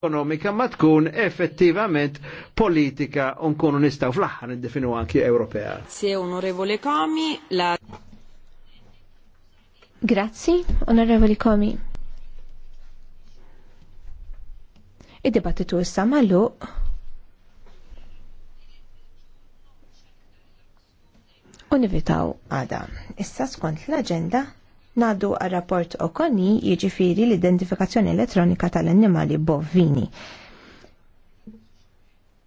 ekonomika ma tkun effettivament politika unkunu nistaw fl-aħħar niddefinu anki Ewropea. Se onorevole Komi, la... Grazzi, onorevoli Komi. id debattitu issa mallu u għada. Issa skont l-agenda Nadu għal rapport okoni jieġifiri l-identifikazzjoni elettronika tal-annimali bovini.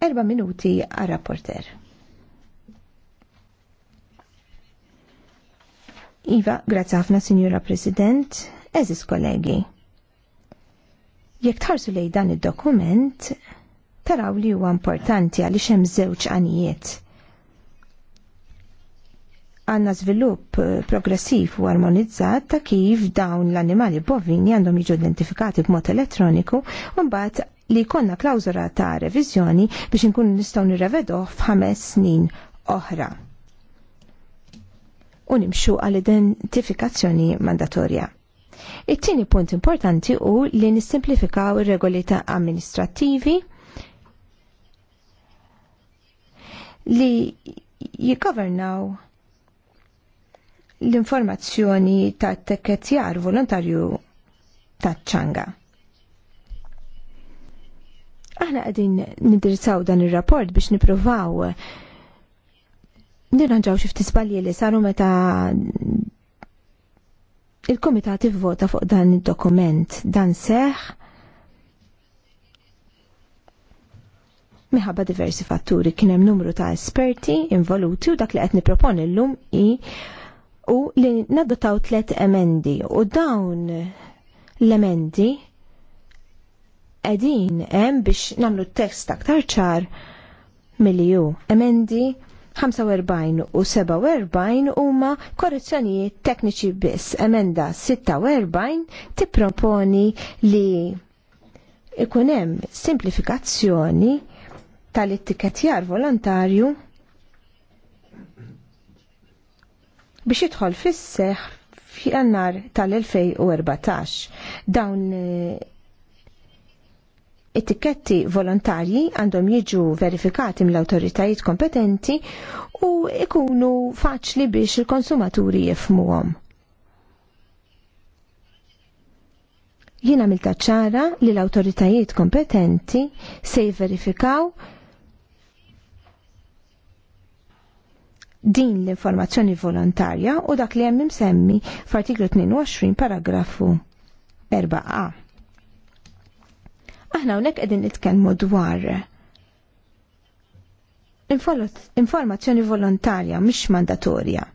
Erba minuti għal rapporter. Iva, grazie ħafna, Signora President, eżis kollegi. Jekk tħarsu lej dan id-dokument, taraw li huwa importanti għaliex hemm żewġ għanijiet għanna żvilupp eh, progressiv u armonizzat ta' kif dawn l-annimali bovini għandhom jiġu identifikati b'mod elettroniku u mbagħad li konna klawzura ta' reviżjoni biex inkunu nistgħu nirrevedoh f'ħames snin oħra. U nimxu għall-identifikazzjoni mandatorja. It-tieni punt importanti hu li nissimplifikaw ir-regoli ta' amministrattivi li jigovernaw l-informazzjoni ta' tekketjar volontarju ta' ċanga. Aħna għedin nindirizzaw dan il-rapport biex niprovaw nirranġaw xift isbalji li saru meta il komitati vota fuq dan il-dokument dan seħ Miħabba diversi fatturi kienem numru ta' esperti involuti u dak li għetni proponi l-lum i u li nadotaw tlet emendi u dawn l-emendi edin hemm biex namlu t-tekst aktar ċar milju. Emendi 45 u 47 huma korrezzjonijiet tekniċi biss. Emenda 46 tipproponi li ikun hemm simplifikazzjoni tal-ittiketjar volontarju biex jidħol fis-seħ f'jannar tal-2014. Dawn eh, it-tiketti volontarji għandhom jiġu verifikati mill-autoritajiet kompetenti u ikunu faċli biex il-konsumaturi jifmuhom. Jiena mill-taċċara li l-autoritajiet kompetenti se jverifikaw verifikaw din l-informazzjoni volontarja u dak li hemm semmi f'artiklu 22 paragrafu 4a. Aħna hawnhekk qegħdin nitkellmu dwar informazzjoni volontarja mhix mandatorja.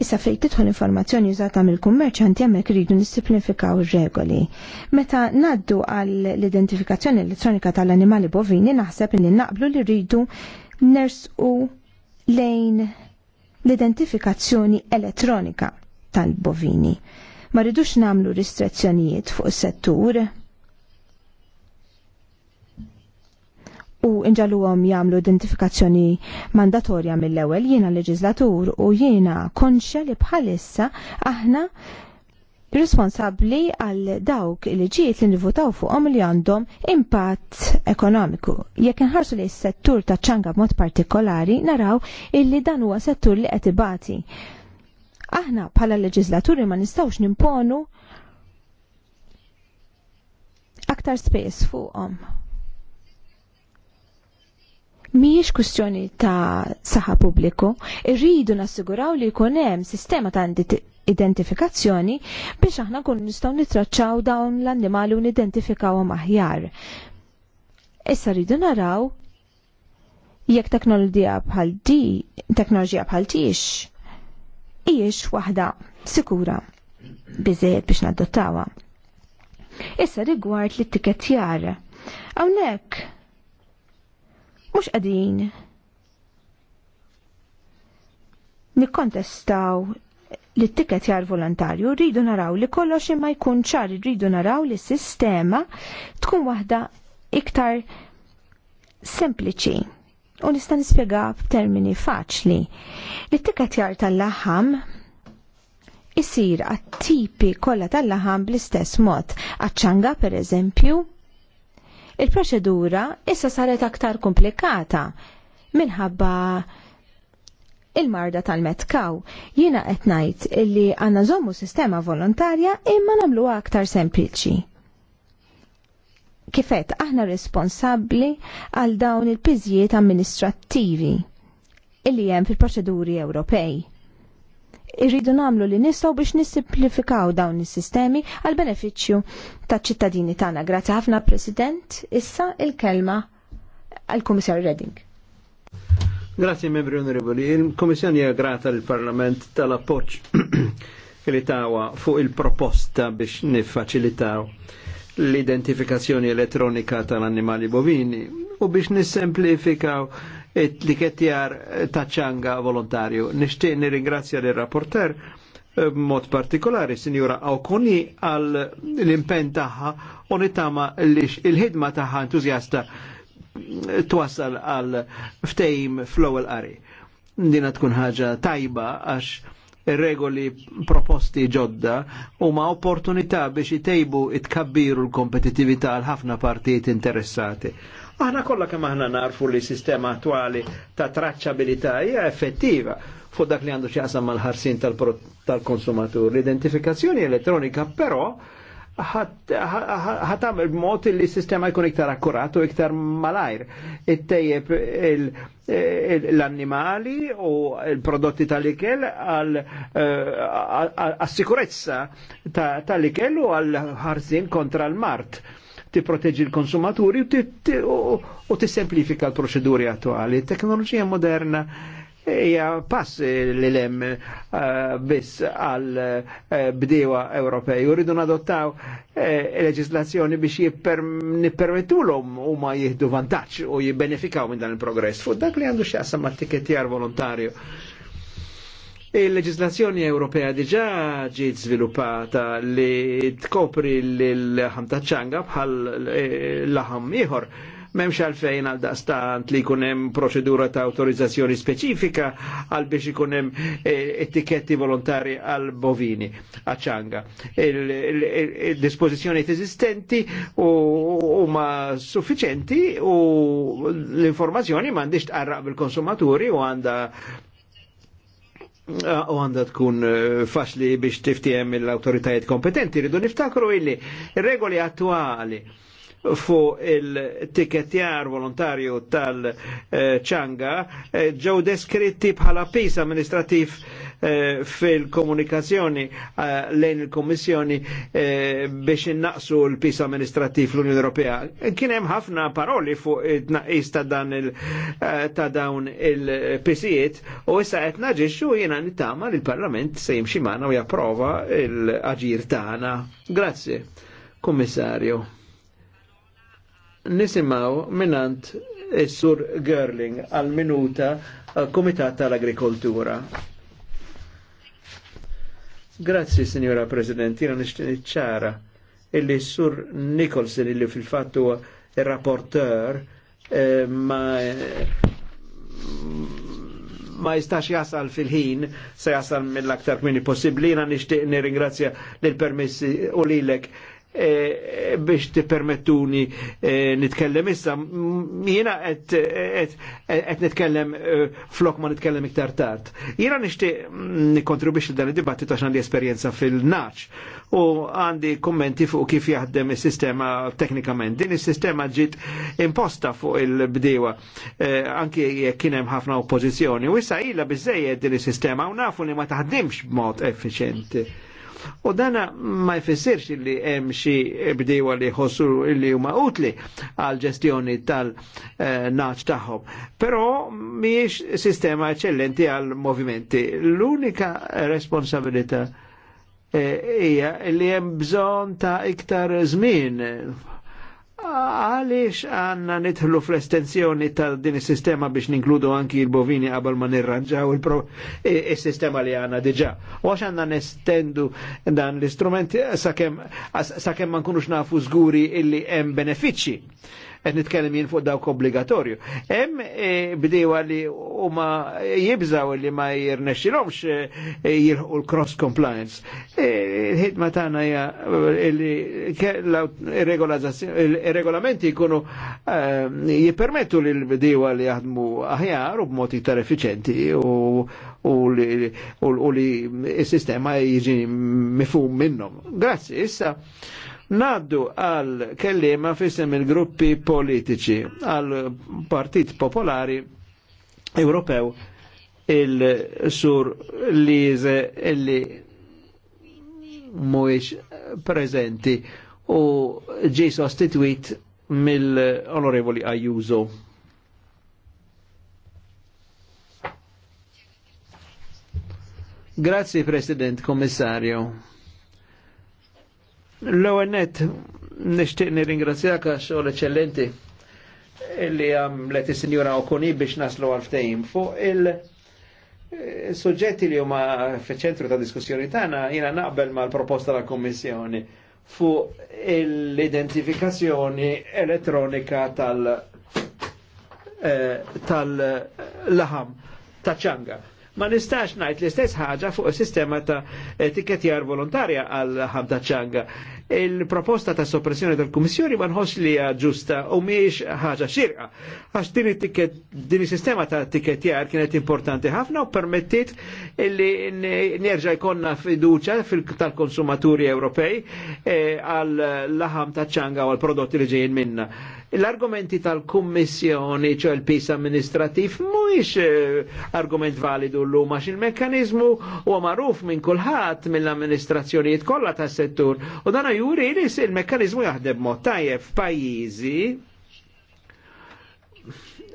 Issa fejn tidħol informazzjoni użata mill-kummerċanti hemmhekk iridu nissimplifikaw ir-regoli. Meta ngħaddu għall identifikazzjoni elettronika tal-annimali bovini naħseb li naqblu li rridu nersqu lejn l-identifikazzjoni elettronika tal-bovini. Ma rridux namlu ristrezzjonijiet fuq is-settur u għom jagħmlu identifikazzjoni mandatorja mill-ewwel jiena leġislatur u jiena konxja li bħalissa aħna responsabbli għal dawk li ġiet li nivutaw fuqhom li għandhom impatt ekonomiku. Jekk inħarsu li s-settur ta' ċanga b'mod partikolari naraw illi dan huwa settur li qed ibati. Aħna bħala leġislaturi ma nistgħux nimponu aktar spejs fuqhom miex kustjoni ta' saħa pubbliku, irridu nassiguraw li jkun hemm sistema ta' identifikazzjoni biex aħna kun nistgħu nitraċċaw dawn l-annimali u nidentifikawhom aħjar. Issa rridu naraw jekk teknoloġija bħal di, teknoloġija bħal tix, hijiex waħda sikura biżejjed biex naddottawa. Issa rigward l-ittikettjar. Hawnhekk mhux għadin nikkontestaw li t-tiket jar volontarju, rridu naraw li kollox imma jkun ċar, rridu naraw li sistema tkun waħda iktar sempliċi. U nista' nispjega b'termini faċli. Li t-tiket jar tal-laħam isir għat-tipi kollha tal-laħam bl-istess mod. Għaċċanga per eżempju, Il-proċedura issa saret aktar komplikata minħabba il-marda tal-metkaw. Jina etnajt illi għanna zommu sistema volontarja imma namlu aktar sempliċi. Kifet, aħna responsabli għal dawn il pizjiet amministrattivi illi jem fil-proċeduri Ewropej irridu namlu li nistgħu biex nissimplifikaw dawn is-sistemi għal benefiċċju taċ-ċittadini tagħna. Grazzi ħafna President, issa il-kelma għal Kummissar Redding. Grazzi membri onorevoli. Il-Komissjoni hija grata l-Parlament tal-appoġġ li tawa fuq il-proposta biex niffaċilitaw l-identifikazzjoni elettronika tal-annimali bovini u biex nissemplifikaw it-likettjar eh, taċċanga volontarju. Nishtiq nirringrazzja l-rapporter eh, mod partikolari, Sinjura Awkoni, għal l-impen taħħa u nittama li il-ħidma taħħa entuzjasta eh, twassal għal ftejm flow l-qari. Dina tkun ħaġa tajba għax regoli proposti ġodda u ma opportunità biex jtejbu it-kabbiru l-kompetitivita għal ħafna partijiet interessati. Aħna kollha kemm aħna narfu li sistema attwali ta' traċċabilità hija effettiva fuq dak li għandu x'jaqsam mal-ħarsin tal-konsumatur. L-identifikazzjoni elettronika però ħat tagħmel b'mod li s-sistema jkun iktar akkurat u iktar malajr. Ittejjeb l-annimali u l-prodotti tal-ikel għal-sikurezza tal-ikel u għal-ħarsin kontra l-mart tipproteġi l-konsumaturi u tissemplifika l-proċeduri attuali. Teknoloġija moderna hija pass li lem eh, biss għal eh, bdewa Ewropej. Uridu nadottaw eh, leġislazzjoni biex nippermettulhom u ma jihdu vantaċ u jibbenefikaw minn dan il-progress. Fuq dak li għandu x'jaqsam ma' t-tiketjar volontarju Il-leġislazzjoni Ewropea diġa ġiet sviluppata li tkopri l-ħam ta' ċanga bħal eh, l-ħam ieħor. Memx għalfejn għal daqstant li kunem proċedura ta' autorizzazzjoni speċifika għal biex ikunem eh, etiketti volontari għal bovini għacċanga. Il-dispozizjoni il, esistenti u ma suffiċenti u l-informazzjoni mandiġ tqarraq bil-konsumaturi u għanda Ah, u għanda tkun eh, faċli biex tiftijem l-autoritajiet kompetenti. Ridu niftakru illi regoli attuali fu il tikettjar volontarju tal-ċanga eh, eh, ġew deskritti bħala pis amministrativ Eh, fil-komunikazzjoni eh, lejn il-Kommissjoni eh, biex innaqsu l-pis amministrativ l-Unjoni Ewropea. Kien hemm ħafna paroli fuq it-tnaqqis ta' dan ta' dawn il-pisijiet u issa qed naġixxu jiena nittama li l-Parlament se jimxi magħna u japprova l-aġir tagħna. Grazzi, Kummissarju. Nisimaw minant is-sur Gerling għal minuta Komitat tal-Agrikoltura. Grazzi, Signora President, jina nishtin ċara illi sur Nicholson illi fil-fattu il-rapporteur eh, ma ma jistax jasal fil-ħin, se jasal mill-aktar kmini possibli, jina nishtiq nirringrazzja l-permessi u lilek E, biex tippermettuni permettuni nitkellem issa. Jiena qed nitkellem e, flok ma nitkellem iktar tard. Jiena nixtieq mm, nikkontribwix dan id-dibattit għax għandi esperjenza fil-naċ u għandi kommenti fuq kif jaħdem is-sistema teknikament. Din is-sistema ġiet imposta fuq il-bdewa e, anki jekk kien hemm ħafna oppożizzjoni u issa ilha biżejjed din is-sistema u nafu li ma taħdimx b'mod effiċjenti U dana ma jfessirx li hemm xi bdiewa li jħossu li huma utli għal ġestjoni tal-naċ tagħhom. Però mhijiex sistema eċċellenti għal movimenti. L-unika responsabilità eh, hija e, li hemm bżonn ta' iktar żmien Għaliex għanna nitħlu fl-estensjoni ta' din is-sistema biex ninkludu anki il-bovini qabel ma nirranġaw il-sistema li għanna diġa. U għax għanna nestendu dan l-istrument sakemm sa ma nkunux nafu zguri illi hemm benefiċċji għed nitkellem jien fuq dawk obbligatorju. Hemm eh, bdewa li huma jibżaw li ma jirnexxilhomx eh, jirħu l-cross compliance. Eh, il-ħidma tagħna hija il-regolamenti jkunu jippermettu lil bdewa li jaħdmu aħjar u b'mod iktar effiċenti u li s-sistema jiġi mifhum minnhom. Grazzi, issa Naddu għal kellima fissem il-gruppi politiċi għal Partit Popolari Ewropew il-sur Lize li mhuwiex prezenti u ġi sostituit mill-Onorevoli Ayuso. Grazie President Commissario. L-ONET nishtiq nir-ingrazzjak għax eccellenti illi għamlet il-Sinjura Okuni biex naslu għal-ftejn fuq il- Suġġetti li huma fil-ċentru ta' diskussjoni tagħna jiena naqbel mal-proposta tal kommissjoni fuq l-identifikazzjoni elettronika tal- eh, tal ta' ċanga ma nistax najt l-istess ħaġa fuq sistema ta' etikettjar volontarja għal ħabda ċanga. Il-proposta ta' soppressjoni tal-Kummissjoni ma nħoss li ġusta u miex ħaġa xirqa. Għax din sistema ta' etikettjar kienet importanti ħafna u permettit li nerġa' jkonna fiduċa tal-konsumaturi Ewropej eh, għal laħam ta' ċanga u għal prodotti li ġejjin minna. L-argumenti tal-Kummissjoni, ċo l-pis amministrativ, mhuwiex eh, argument validu l-lum għax il-mekkanizmu huwa magħruf minn kulħadd mill-amministrazzjonijiet kollha tas-settur u dan juri li il mekanizmu jaħdem mod tajjeb f'pajjiżi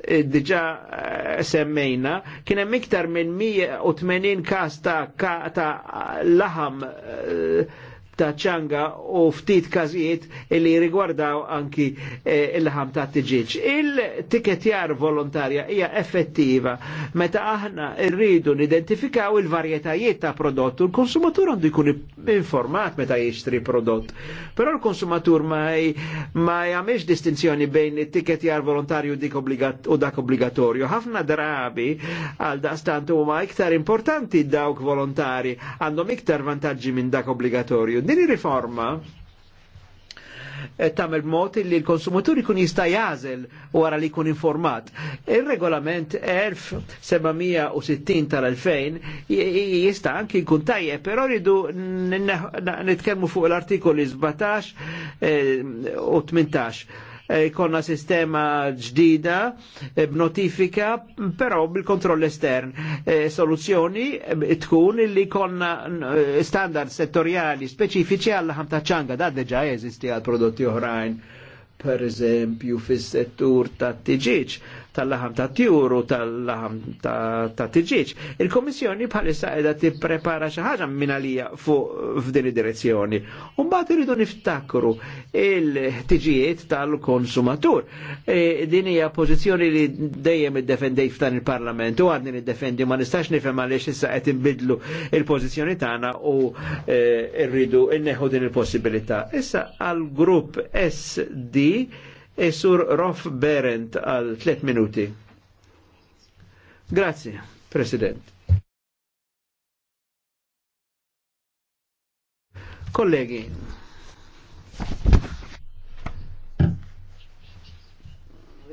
eh, diġa eh, semmejna, kien hemm iktar minn 180 każ ta', ta laħam ta' ċanga u ftit kazijiet li rigwardaw anki eh, il-ħam ta' tiġiġ. Il-tiketjar volontarja hija effettiva meta aħna rridu nidentifikaw il-varjetajiet ta' prodott u l-konsumatur għandu jkun informat meta jixtri prodott. Però l-konsumatur ma, ma distinzjoni bejn it jar volontarju dik u dak obbligatorju. Ħafna drabi għal daqstant huma iktar importanti dawk volontari għandhom iktar vantaġġi minn dak obbligatorju. Din ir-riforma Eh, tamel mod li l-konsumatur ikun jista' jażel wara li jkun informat. Il-regolament 1760 tal-2000 jista' anki jkun tajjeb, però rridu nitkellmu fuq l-artikoli 17 eh, u 18 jkollna eh, sistema ġdida eh, b'notifika, però bil-kontroll estern. Eh, soluzzjoni tkun li konna standard settoriali speċifiċi għall ħam ta' ċanga, da' deġa jeżisti għal prodotti oħrajn per eżempju fis-settur ta' tiġiċ tal-laħam ta' tiuru, tal-laħam ta' tiġiċ. Il-Komissjoni bħalissa edha tipprepara xi ħaġa minalija fuq f'din id-direzzjoni. Umbagħad rridu niftakru il-ħtiġijiet tal-konsumatur. E, din hija pożizzjoni li dejjem iddefendej f'dan il-Parlament u għadni niddefendi ma nistax nifhem għaliex issa qed inbidlu il-pożizzjoni tagħna u e, rridu inneħu din il-possibilità. Issa għal-grupp SD Esur sur Rolf Berend għal 3 minuti. Grazie, President. Kollegi,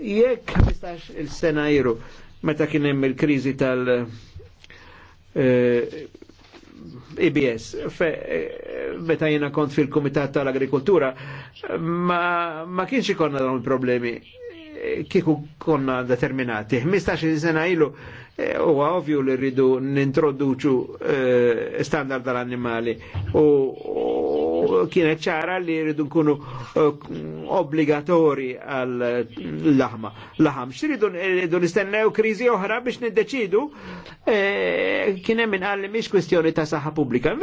jekk 15 il-sena jiru meta kienem il krizi tal- eh, IBS. Eh, meta jena kont fil-Komitat tal-Agrikoltura, ma, ma kienx ikonna dawn il-problemi eh, kieku konna determinati. 15 sena ilu eh, u ovvju li rridu nintroduċu standard tal-animali u kienet ċara li rridu nkunu eh, obbligatori għal eh, laħma. Laħam, xridu nistennew krizi oħra biex niddeċidu eh, kien hemm inqal li mhix kwestjoni ta' saħħa pubblika.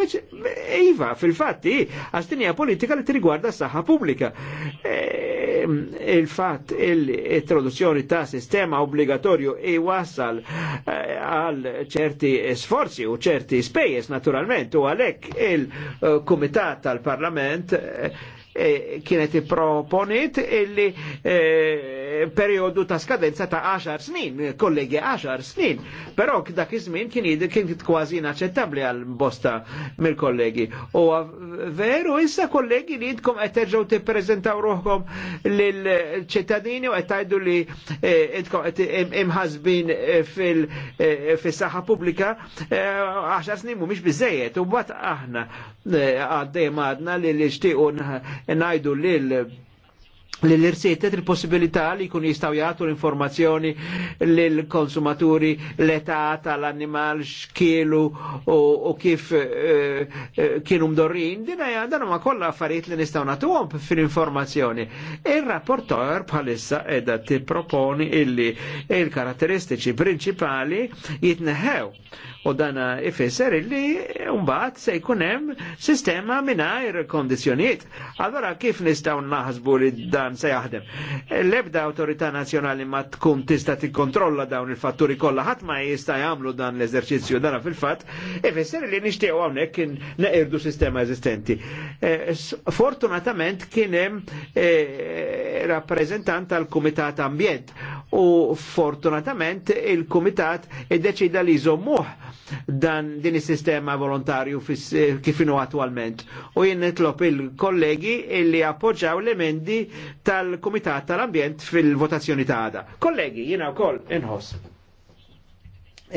Iva, fil-fatti, għastinija politika li tirigwarda saħħa pubblika. Il-fatt il-introduzzjoni ta' sistema obbligatorju i wassal għal ċerti sforzi u ċerti spejjeż naturalment u għalhekk il-Kumitat tal-Parlament verament eh, eh, kienet proponit illi eh, periodu ta' skadenza ta' 10 snin, kollegi 10 snin, però dak iż-żmien kien kien kważi inaċċettabbli għal bosta mill-kollegi. U veru issa kollegi li jidkom qed terġgħu tippreżentaw ruħkom lill-ċittadini u qed tgħidu li eh, qed imħasbin eh, eh, fis-saħħa pubblika 10 snin mhumiex biżejjed u mbagħad aħna għaddejjem għadna li li xtiequ ngħidu lil li l irsietet il-possibilità li kun jistaw jgħatu l-informazzjoni l-konsumaturi l-età tal-animal xkielu u kif e, kienu mdorrin, dina jgħandana ma kolla affarijiet li nistaw natuhom fil-informazzjoni. Il-rapportor bħalissa edha ti proponi illi il-karatteristiċi principali jitneħew u dana ifisser illi umbat se jkunem sistema minnajr kondizjoniet. Allora kif nistaw naħsbu li dan se jaħdem. L-ebda autorità nazjonali ma tkun tista' tikkontrolla dawn il-fatturi kollha ħadd ma jista' jagħmlu dan l-eżerċizzju dara fil-fatt, ifisser li nixtiequ hawnhekk neqirdu sistema eżistenti. Eh, fortunatament kien hemm eh, rappreżentant tal-Kumitat Ambjent u fortunatament il-Kumitat id-deċida li jżommuh dan din is-sistema volontarju kifinu attualment. attwalment. U jien nitlob il-kollegi illi appoġġaw l-emendi tal-Kumitat tal-Ambjent fil-votazzjoni ta' għada. Kollegi, jiena wkoll inħoss.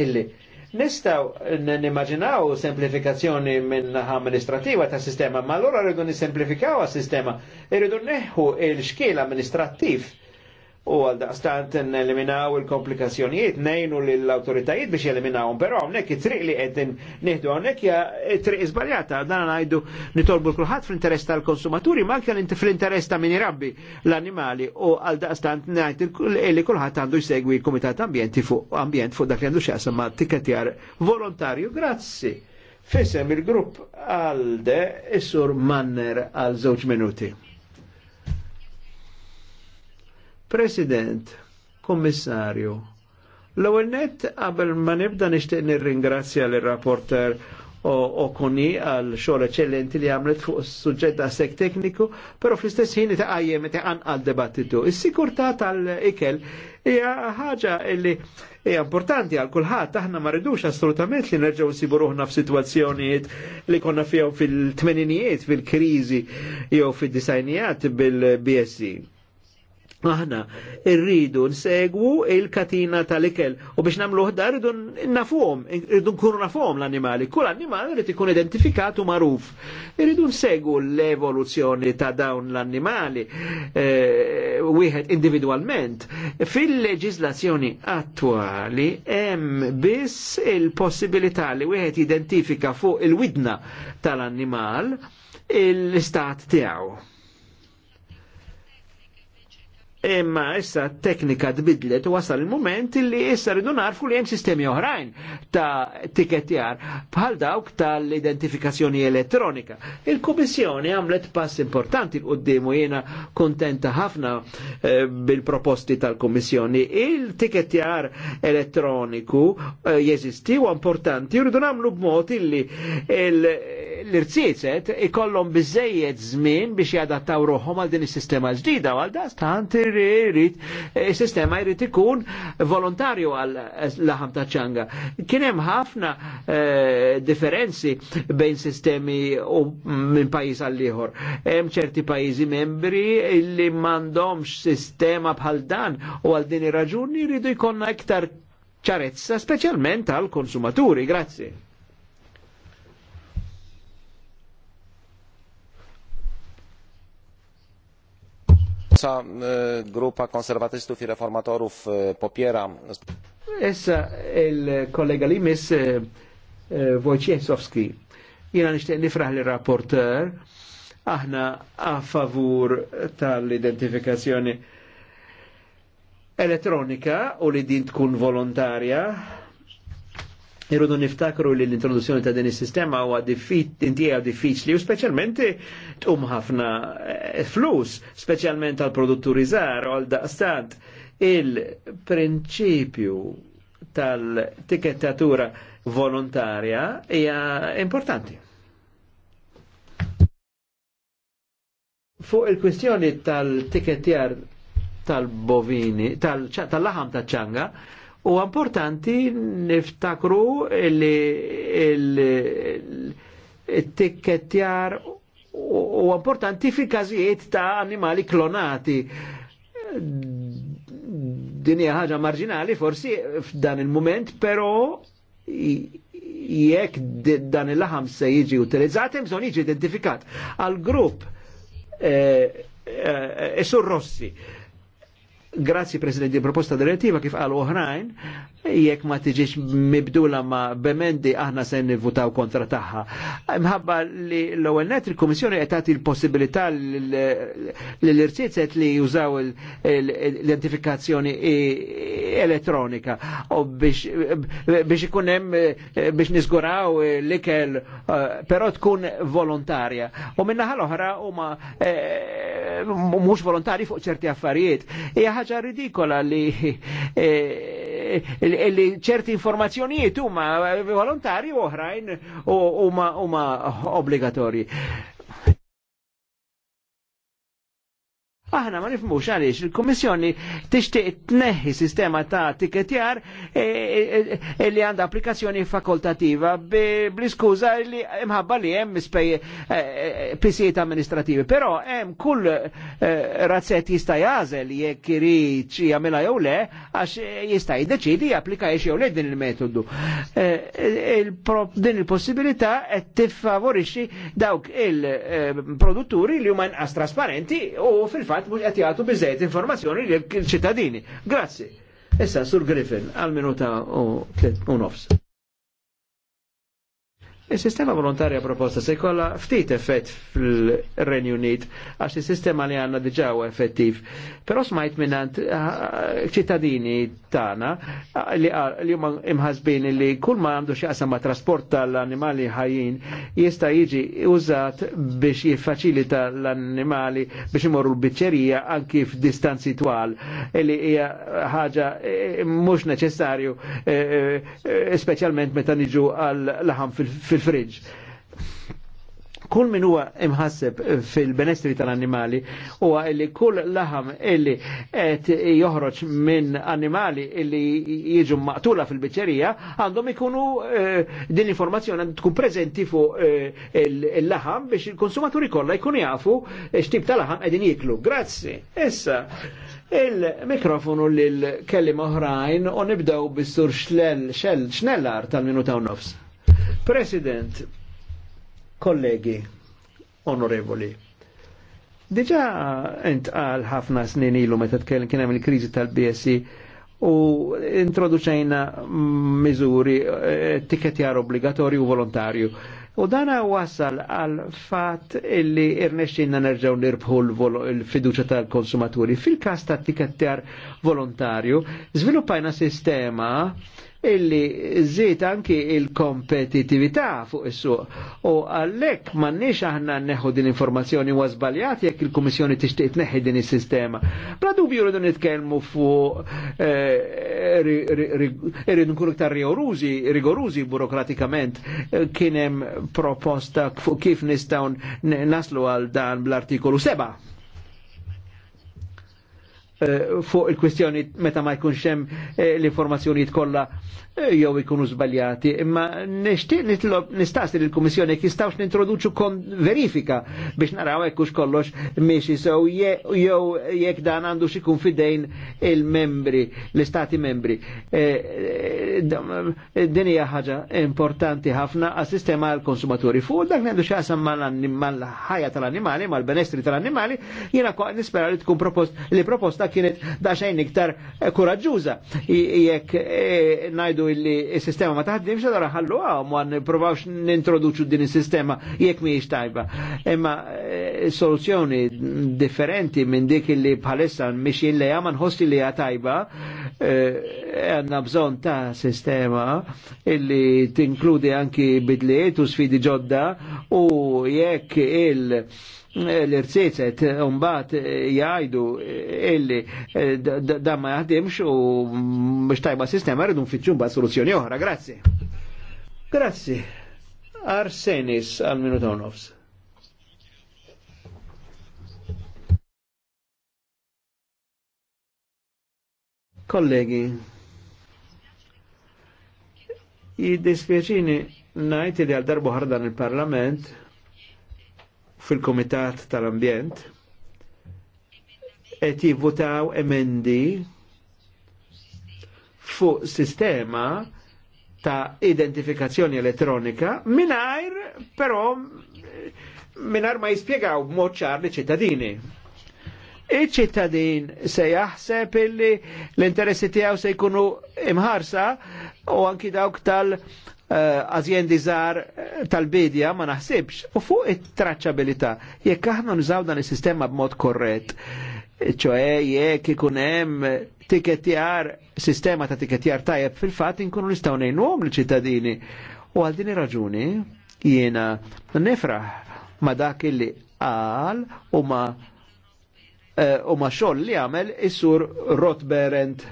Illi Nistaw nimmaġinaw semplifikazzjoni minn amministrativa ta' sistema, ma allora rridu nisemplifikaw sistema rridu neħu il-xkiel amministrattiv u għal daqstant n-eliminaw il-komplikazzjonijiet, nejnu l-autoritajiet biex eliminaw. pero għonek it-triq li għedin nieħdu għonek ja triq izbaljata, dan għajdu nitolbu l-kulħat fl-interess tal-konsumaturi, ma anke fl-interess ta' min rabbi l-animali u għal daqstant najt li kulħat għandu jsegwi il-Komitat ambienti fuq Ambjent fuq dak li għandu xasam ma' tikatjar volontarju, grazzi. Fisem il-grupp għalde, is-sur Manner għal żewġ minuti. President, Kommissarju, l-ewwel net qabel ma nibda nixtieq nirringrazzja l rapporter okoni għal xogħol eċellenti li għamlet fuq suġġett daqshekk tekniku, però fl-istess ħin ta' għan għal debattitu. is sikurta tal-ikel hija ħaġa li hija importanti għal kulħadd aħna ma rridux assolutament li nerġgħu nsibu ruħna f'sitwazzjonijiet li konna fihom fil-tmeninijiet fil-kriżi jew fid-disajnijiet bil-BSC. Aħna irridu nsegwu il-katina tal-ikel u biex namlu da rridu nafuhom, irridu nkunu nafuhom l-animali. Kull animal irrid ikun identifikatu maruf. Irridu nsegwu l-evoluzzjoni ta' dawn l-animali eh, wieħed individualment. Fil-leġislazzjoni attuali hemm biss il-possibilità li wieħed identifika fuq il-widna tal-animal l-istat tiegħu Imma issa teknika tbidlet u wasal il-moment li issa rridu narfu li hemm sistemi oħrajn ta' tiketjar bħal dawk tal-identifikazzjoni elettronika. Il-Kummissjoni għamlet pass importanti l qoddimu jiena kontenta ħafna eh, bil-proposti tal-Kummissjoni. Il-tiketjar elettroniku eh, jeżisti u importanti u rridu nagħmlu b'mod illi l irzizet ikollhom biżejjed żmien biex jadattaw ruħhom għal din is-sistema ġdida għal dastant irrid jiġifieri eh, sistema jrid ikun volontarju għal laħam ta' ċanga. Kien hemm ħafna eh, differenzi bejn sistemi u minn pajis għal ieħor. Hemm ċerti pajizi membri li m'għandhomx sistema bħal dan u għal din ir-raġuni jridu jkollna iktar ċarezza, speċjalment għal konsumaturi. Grazie. Ca e, grupa konserwatystów i reformatorów e, popiera. Essa il-kollega li mis e, Wojciechowski. jina nishtiq nifraħ li rapporter aħna a favur tal-identifikazzjoni elettronika u li din tkun volontarja Irridu niftakru li l-introduzzjoni ta' din is-sistema huwa intieja diffiċli u speċjalment tqum ħafna eh, flus, speċjalment għal produtturi żgħar għal daqstant il-prinċipju tal-tikettatura volontarja hija importanti. Fuq il-kwistjoni tal-tikettjar tal-bovini, tal-laħam tal-ċanga, tal ta' U importanti niftakru li il-tikketjar u importanti fi kazijiet ta' animali klonati. Din hija ħaġa marġinali forsi f'dan il-moment, però jekk dan il-laħam se jiġi utilizzat, bżon jiġi identifikat għal grupp Isur eh, eh, eh, Rossi Grazzi Presidenti, proposta direttiva kif għal oħrajn jekk ma tiġix mibdula ma bemendi aħna se votaw kontra taħħa. Mħabba li l-ewwel net il komissjoni qed tagħti l-possibilità l-irċiet li jużaw l-identifikazzjoni e, elettronika u biex ikun hemm biex nizguraw l-ikel però tkun volontarja. U ħal l-oħra huma e, mhux volontari fuq ċerti affarijiet. Hija ħaġa ridikola li e, li ċerti informazzjonijiet huma volontari u oħrajn huma obbligatorji. Aħna ma nifmux għaliex il-Kommissjoni tixtieq tneħħi sistema ta' tiketjar e, e, e, li għandha applikazzjoni fakultativa bl-iskuża li imħabba li hemm mispej pisijiet amministrativi. Però hemm kull razzett jista' jażel jekk irid jagħmilha jew le għax jista' jiddeċidi japplika jew le din il-metodu. Din il-possibilità qed tiffavorixxi dawk il-produtturi li huma inqas trasparenti u fil-fatt għat mux għat jgħatu biżejjed informazzjoni l ċittadini Grazzi. Issa sur Griffin għal minuta u nofs. Il-sistema volontarja proposta se kolla ftit effett fil-Renju Unit għax il sistema li għandna diġà effettiv. Però smajt minnant ah, ah, ċittadini tagħna ah, li huma imħasbin li kull ma għandu xi ma' trasport tal-annimali ħajjin jista' jiġi użat biex jiffaċilita l-annimali biex imorru l-biċċerija anki f'distanzi twal li hija ħaġa eh, mhux neċessarju eh, eh, specialment meta niġu għal laħam fil fil fridge Kull min huwa imħasseb fil-benestri tal-annimali huwa li kull laħam illi qed joħroġ minn annimali illi jiġu maqtula fil-biċċerija għandhom ikunu eh, din l-informazzjoni għandu tkun preżenti fuq eh, il-laħam biex il-konsumaturi kollha jkunu jafu x'tip ta' laħam qegħdin jiklu. Grazzi. Issa il-mikrofonu lil kellim oħrajn u nibdew bis-sur xnellar tal-minuta u nofs. President, kollegi, onorevoli, diġa għal ħafna snin ilu meta tkellem kien hemm il-kriżi tal-BSI u introduċejna miżuri eh, tikketjar obbligatorju u volontarju. U dana wasal għal fat illi irnexxinna nerġaw nirbħu l-fiduċa tal-konsumaturi. Fil-kas ta' tiketjar volontarju, sviluppajna sistema illi żied anki il-kompetitività fuq is-suq u għalhekk m'għandniex aħna neħu din informazzjoni huwa żbaljat jekk il-Kummissjoni tixtieq tneħħi din is-sistema. Bla dubju rridu nitkellmu fuq eh, irridu nkunu iktar rigorużi burokratikament eh, kien hemm proposta fuq kif nistgħu naslu għal dan bl-artikolu 7 Eh, fuq il-kwistjoni meta ma jkunx hemm eh, l-informazzjonijiet kollha E, jew ikunu żbaljati, imma nixtieq nitlob nistaqsi lill-Kummissjoni jekk jistgħux nintroduċu kon verifika biex naraw hekk hux kollox miexi sew jew jekk dan għandu xi jkun fidejn il-membri, l-istati membri. E, e, din hija ħaġa importanti ħafna għas-sistema għall-konsumaturi. Fuq dak għandu x'għasam mal-ħajja tal-annimali, mal-benestri tal-annimali, jiena nispera li tkun propost li proposta kienet da xejn iktar kuraġġuża jekk ngħidu jgħidu illi il sistema ma taħdimx ħallu għaw, ma n-provawx n-introduċu din il sistema jek mi tajba. Emma eh, soluzzjoni differenti minn dik illi bħalissa mixin li għaman hosti li għatajba. tajba Eh, għanna bżon ta' sistema illi tinkludi anki bidliet u sfidi ġodda u jekk il l-irċiċet unbat jajdu illi eh, da ma u mx tajba sistema rridu nfittxu ba' soluzzjoni oħra. Grazzi. Grazzi. Arsenis għal minuta nofs. Kollegi, jiddispjaċini najt li għal darbu ħardan il-Parlament fil-Komitat tal-Ambjent et jivvutaw emendi fuq sistema ta' identifikazzjoni elettronika minajr però minajr ma jispiegaw b'mod ċar li ċittadini iċ-ċittadin se jaħseb illi l-interessi tiegħu se jkunu imħarsa u anki dawk tal- azjendi zar eh, tal-bidja ma naħsibx u fuq it-traċabilità jekk aħna nżaw dan is-sistema b'mod korrett ċoħe jekk ikun hemm tiketjar sistema ta' tiketjar tajab fil-fatt inkunu nistgħu ngħinuhom l ċittadini U għal din ir-raġuni jiena nifraħ ma dak illi qal u ma' Eh, u ma xoll li għamel is-sur Rotberent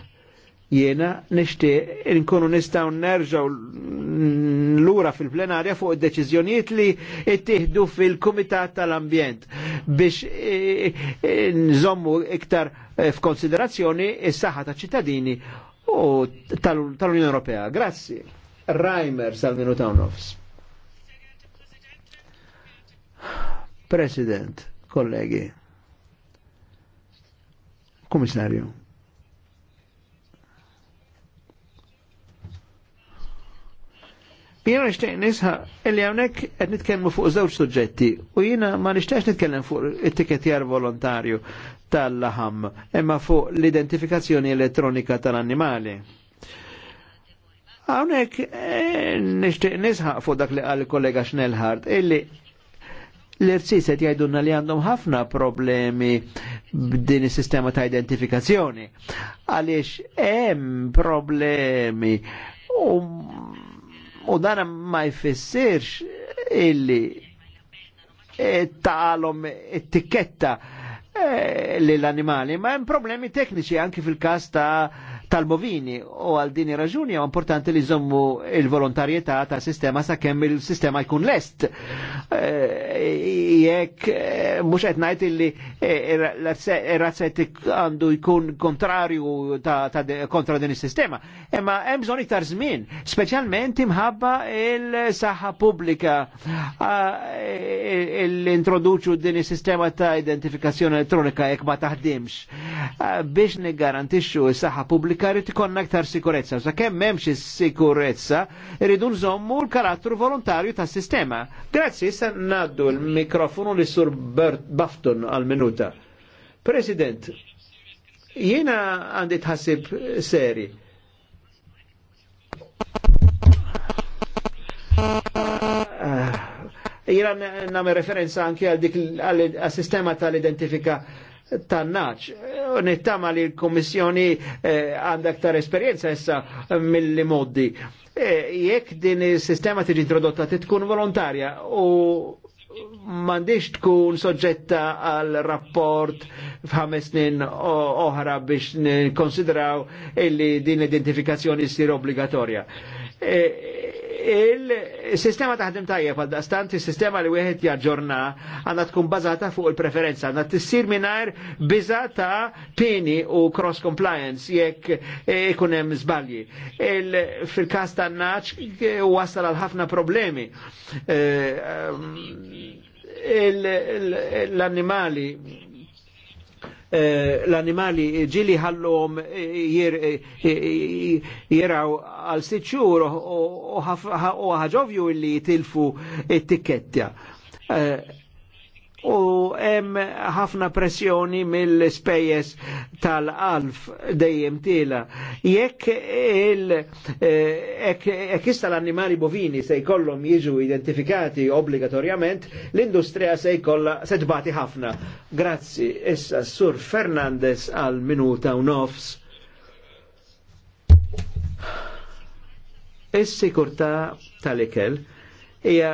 jena nishti nkunu nistaw nerġaw l-ura fil-plenarja fuq id-deċizjoniet li jittihdu fil-Kumitat tal-Ambjent biex eh, eh, nżommu iktar f'konsiderazzjoni is-saħħa ta' ċittadini u tal-Unjoni Ewropea. Grazzi. Reimer sal-minuta nofs. President, kollegi. Komissarju. Jena nishtiq nisħa illi għonek għed nitkellmu fuq żewġ suġġetti u jena ma nishtiqx nitkellem fuq it-tiketjar volontarju tal-laħam imma fuq l-identifikazzjoni elettronika tal-annimali. Għonek eh, nishtiq nisħa fuq dak li għal kollega Schnellhardt illi L-irsiset jgħidunna li għandhom ħafna problemi b'din is-sistema ta' identifikazzjoni. Għaliex hemm problemi u, u dan ma jfissirx illi e, taqalhom it-tikketta e, lill-animali, ma hemm problemi tekniċi anki fil-każ ta' tal-bovini u għal dini raġuni għu importanti li zommu il-volontarietà ta' sistema sa' kemm il-sistema jkun lest. Eh, jek, eh, mux għetnajt illi eh, il-razzet għandu jkun kontrarju ta' kontra din il-sistema. Emma hemm bżon iktar żmien, speċjalment imħabba il-saħħa pubblika ah, l-introduċu din il-sistema ta' identifikazzjoni elettronika jek ma taħdimx biex nigarantixxu s-saħħa pubblika rrid ikollna aktar sikurezza. Sa kemm m'hemmx is-sikurezza, rridu nżommu l-karattru volontarju tas-sistema. Grazzi, issa ngħaddu l-mikrofonu li sur Bafton għal-minuta. President, jiena għandi tħassib seri. Jiena nagħmel referenza anke għal dik għal sistema tal-identifika tannaċ. Nittama li l-Kommissjoni għandak eh, tar esperienza essa mill-li moddi. Eh, Jek din il-sistema tiġi introdotta tkun volontarja u mandiġ tkun soġġetta għal rapport f'ħames snin oħra biex konsidraw illi din identifikazzjoni sir obbligatorja. Eh, Il-sistema taħdim tajjeb għal dastanti, sistema li wieħed jaġġorna għandha tkun bażata fuq il-preferenza, għandha tissir mingħajr biża ta' pini u cross compliance jekk e, ikun hemm żbalji. Fil-każ tan-naċ wasal għal ħafna problemi. E, um, l-annimali Eh, l-animali ġili ħallom eh, jiraw eh, għal sitxur u ħaġovju li tilfu it-tikettja u hemm ħafna pressjoni mill-spejjes tal-alf dejjem tiela. Jekk il eh, issa l-annimali bovini se jkollhom jiġu identifikati obbligatorjament, l-industrija se jkollha se tbati ħafna. Grazzi, issa Sur Fernandez għal minuta u nofs. Is-sikurtà tal-ikel hija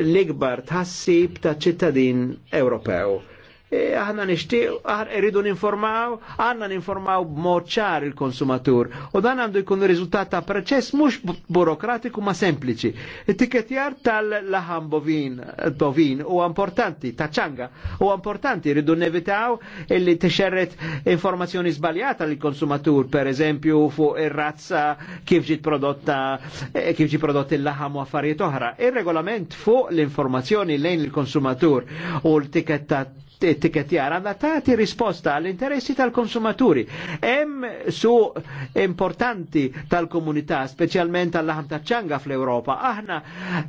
l-ikbar tħassib ta' ċittadin Ewropew E, aħna nishtiq, irridu ninformaw, għanna ninformaw b'mod ċar il-konsumatur. U dan għandu jkun riżultat ta' proċess mhux burokratiku ma' sempliċi. It-tiketjar tal-laħam bovin, bovin u importanti, ta' ċanga, u importanti rridu nevitaw illi tixerret informazzjoni sbaljata li konsumatur per eżempju fuq ir-razza kif ġiet prodotta, e, kif ġi prodott il-laħam u affarijiet oħra. Ir-regolament fuq l-informazzjoni lejn il-konsumatur u l-tiketta tiketjar għandha tagħti risposta għall interessi tal-konsumaturi. Hemm su importanti tal-komunità, speċjalment tal-laħam taċ-ċanga fl-Ewropa. Aħna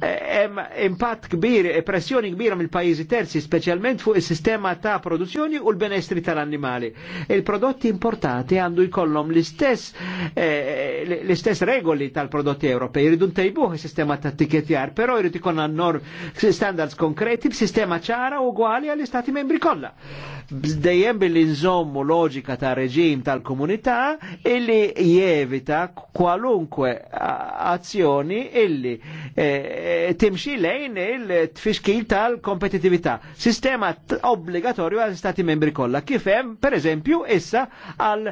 hemm eh, impatt kbir, e pressjoni kbira mill-pajjiżi terzi, speċjalment fuq is-sistema ta' produzzjoni u l-benestri tal-annimali. Il-prodotti importati għandu jkollhom l-istess eh, l-istess regoli tal-prodotti Ewropej. Jridu ntejbuh is-sistema ta' tiketjar, però jrid ikun norm standards konkreti b'sistema ċara u uguali għall-istati membri membri kollha. Dejjem billi nżommu loġika ta' reġim tal-komunità illi jevita kwalunkwe azzjoni illi eh, timxi lejn il-tfixkil tal-kompetitività. Sistema obbligatorju għal stati membri kollha kif hemm eżempju, issa għal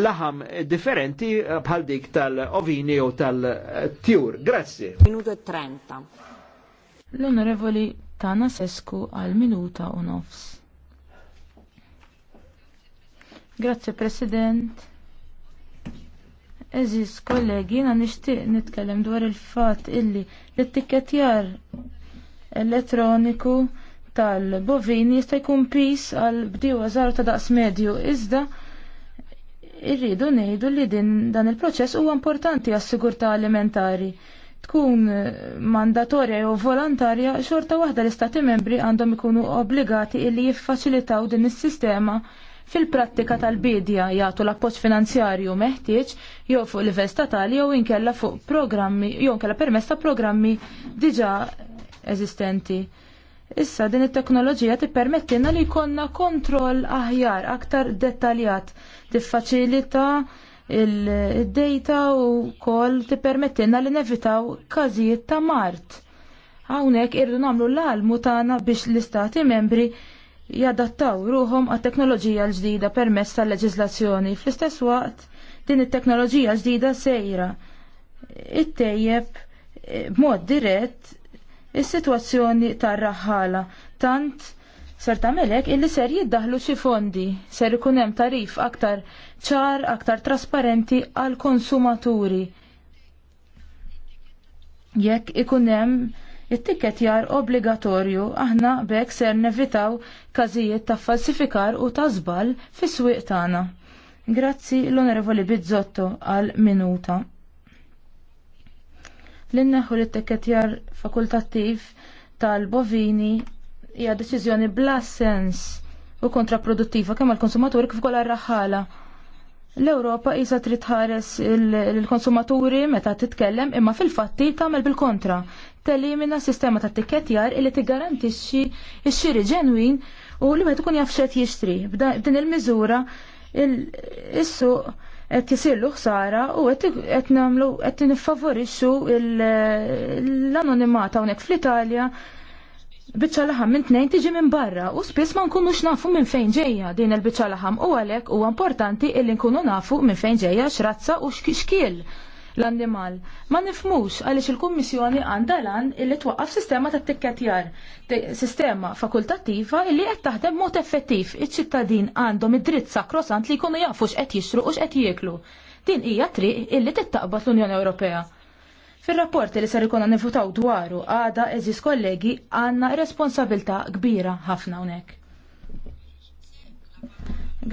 laħam differenti bħal dik tal-ovini u tal-tjur. Grazzi. Minuto 30. E L-Onorevoli Tana Sesku għal minuta u nofs. Grazzi President. Eżis kollegi, jina nishtiq nitkellem dwar il-fat illi l-etikettjar elettroniku tal-bovini jista' jkun pis għal bdiewa żgħar ta' daqs medju iżda irridu ngħidu li din dan il-proċess huwa importanti għas-sigurtà alimentari. Tkun mandatorja jew volontarja xorta waħda l-istati membri għandhom ikunu obbligati illi jiffaċilitaw din is-sistema il fil-prattika tal-bidja jagħtu l-appoġġ finanzjarju meħtieġ jew fuq livell statali jew inkella fuq programmi jew inkella permess ta' programmi diġà eżistenti. Issa din it-teknoloġija tippermettilna li jkollna kontroll aħjar aktar dettaljat tiffaċilita il-data u kol tippermettilna li nevitaw każijiet ta' mart. Hawnhekk irridu nagħmlu l-almu tagħna biex l-istati membri jadattaw ruhom għat teknoloġija l-ġdida permess tal-leġizlazzjoni. Fl-istess waqt, din it-teknoloġija l-ġdida sejra. Ittejjeb eh, b'mod dirett is-sitwazzjoni tar-raħħala. Tant ser tagħmelek illi ser jiddaħlu xi fondi, ser ikun hemm tarif aktar ċar, aktar trasparenti għal konsumaturi. Jekk ikun hemm it-tiket jar obbligatorju aħna bekk ser nevitaw każijiet ta' falsifikar u ta' żball fis-swieq tagħna. Grazzi l-Onorevoli Bizzotto għal minuta. L-inneħu l jar fakultattiv tal-bovini hija deċiżjoni bla sens u kontraproduttiva kemm għall konsumaturi kif ukoll għar-raħala l-Ewropa isa trid tħares il-konsumaturi meta titkellem imma fil-fatti tagħmel bil-kontra. Telimina sistema ta' tikketjar illi tigarantixxi x-xiri ġenwin u li meta tkun jaf xed jixtri. B'din il-miżura is-suq qed jisirlu ħsara u qed nagħmlu qed niffavorixxu l-anonimata hawnhekk fl-Italja biċċa laħam minn tnejn tiġi minn barra u spiss ma nkunux nafu minn fejn ġejja din il-biċċa laħam u għalhekk huwa importanti illi nkunu nafu minn fejn ġejja x'razza u x'kiel l-annimal. Ma nifmux għaliex il-Kummissjoni għandha lan illi twaqqaf sistema ta' tikketjar, sistema fakultattiva illi qed taħdem mod effettiv. Iċ-ċittadin għandhom id-dritt sakrosant li jkunu jafux qed jixru u x'qed jieklu. Din hija triq illi tittaqbad l-Unjoni Ewropea Fil-rapport li ser ikun nifutaw dwaru għada eżis kollegi għanna responsabilta kbira ħafna unek.